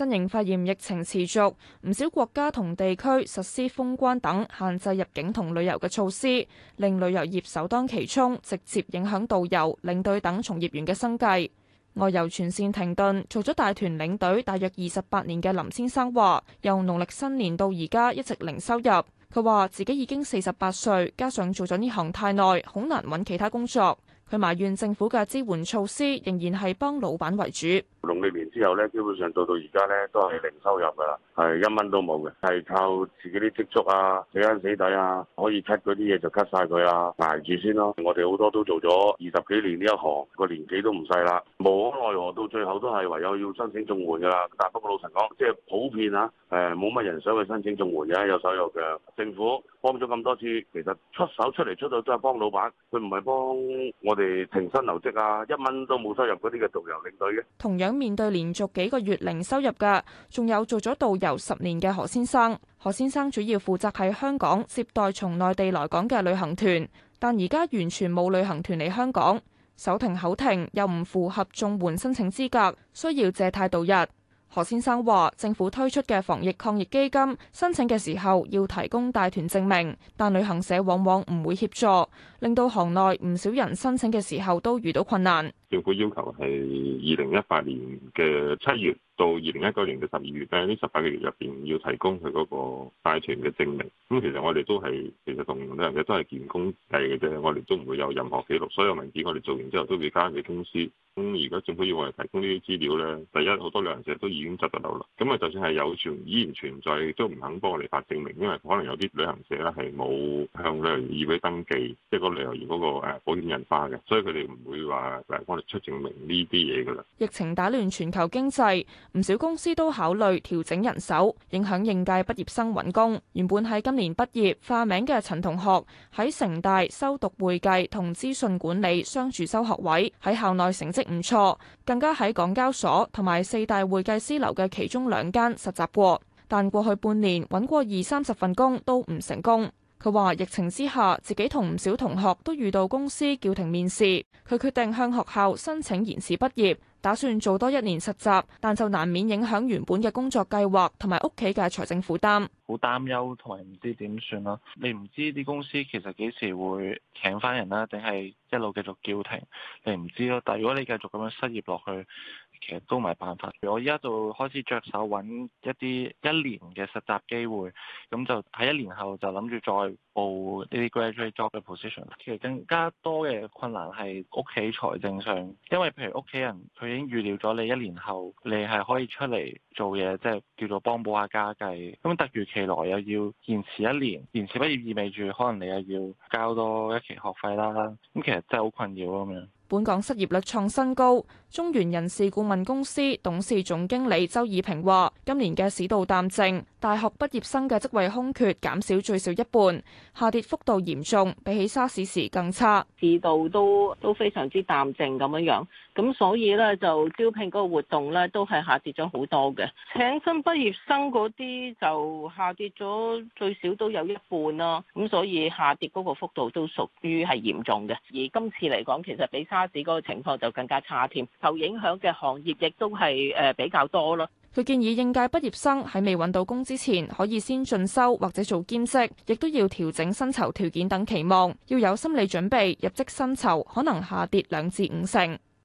新型肺炎疫情持續，唔少國家同地區實施封關等限制入境同旅遊嘅措施，令旅遊業首當其衝，直接影響導遊、領隊等從業員嘅生計。外遊全線停頓，做咗大團領隊大約二十八年嘅林先生話，由農曆新年到而家一直零收入。佢話自己已經四十八歲，加上做咗呢行太耐，好難揾其他工作。佢埋怨政府嘅支援措施仍然係幫老闆為主。農曆年之後咧，基本上到到而家咧，都係零收入噶啦，係一蚊都冇嘅，係靠自己啲積蓄啊、死慳死抵啊，可以 cut 嗰啲嘢就 cut 曬佢啊，捱住先咯。我哋好多都做咗二十幾年呢一行，個年紀都唔細啦，冇可奈何到最後都係唯有要申請綜援噶啦。但不過老實講，即係普遍啊，誒冇乜人想去申請綜援嘅，有收入嘅政府幫咗咁多次，其實出手出嚟出到都係幫老闆，佢唔係幫我哋停薪留職啊，一蚊都冇收入嗰啲嘅導遊領隊嘅。同樣。咁面對連續幾個月零收入嘅，仲有做咗導遊十年嘅何先生。何先生主要負責喺香港接待從內地來港嘅旅行團，但而家完全冇旅行團嚟香港，手停口停又唔符合綜援申請資格，需要借貸度日。何先生話，政府推出嘅防疫抗疫基金，申請嘅時候要提供帶團證明，但旅行社往往唔會協助。令到行內唔少人申請嘅時候都遇到困難。政府要求係二零一八年嘅七月到二零一九年嘅十二月，喺呢十八個月入邊要提供佢嗰個帶團嘅證明。咁其實我哋都係其實同旅行社都係員工制嘅啫，我哋都唔會有任何記錄。所有文件我哋做完之後都會交翻嚟公司。咁而家政府要我哋提供呢啲資料咧，第一好多旅行社都已經執得到啦。咁啊，就算係有存依然存在，都唔肯幫我哋發證明，因為可能有啲旅行社咧係冇向旅遊業議會登記，即係旅遊業嗰個誒，保險人化嘅，所以佢哋唔會話嚟幫你出證明呢啲嘢噶啦。疫情打亂全球經濟，唔少公司都考慮調整人手，影響應屆畢業生揾工。原本喺今年畢業化名嘅陳同學喺城大修讀會計同資訊管理雙主修學位，喺校內成績唔錯，更加喺港交所同埋四大會計師樓嘅其中兩間實習過。但過去半年揾過二三十份工都唔成功。佢話：疫情之下，自己同唔少同學都遇到公司叫停面試，佢決定向學校申請延遲畢業，打算做多一年實習，但就難免影響原本嘅工作計劃同埋屋企嘅財政負擔。好擔憂同埋唔知點算咯，你唔知啲公司其實幾時會請翻人啦，定係一路繼續叫停，你唔知咯。但如果你繼續咁樣失業落去，其實都唔係辦法。我依家就開始着手揾一啲一年嘅實習機會，咁就喺一年後就諗住再報呢啲 graduate job 嘅 position。其實更加多嘅困難係屋企財政上，因為譬如屋企人佢已經預料咗你一年後你係可以出嚟做嘢，即係叫做幫補下家計。咁突如其來又要延遲一年，延遲一年意味住可能你又要交多一期學費啦。咁其實真係好困擾咁樣。本港失業率創新高。中原人事顧問公司董事總經理周以平話：今年嘅市道淡靜，大學畢業生嘅職位空缺減少最少一半，下跌幅度嚴重，比起沙士時更差。市道都都非常之淡靜咁樣樣，咁所以咧就招聘嗰個活動咧都係下跌咗好多嘅，請新畢業生嗰啲就下跌咗最少都有一半咯，咁所以下跌嗰個幅度都屬於係嚴重嘅，而今次嚟講，其實比沙士嗰個情況就更加差添。受影響嘅行業亦都係誒，比較多咯。佢建議應屆畢業生喺未揾到工之前，可以先進修或者做兼職，亦都要調整薪酬條件等期望，要有心理準備，入職薪酬可能下跌兩至五成。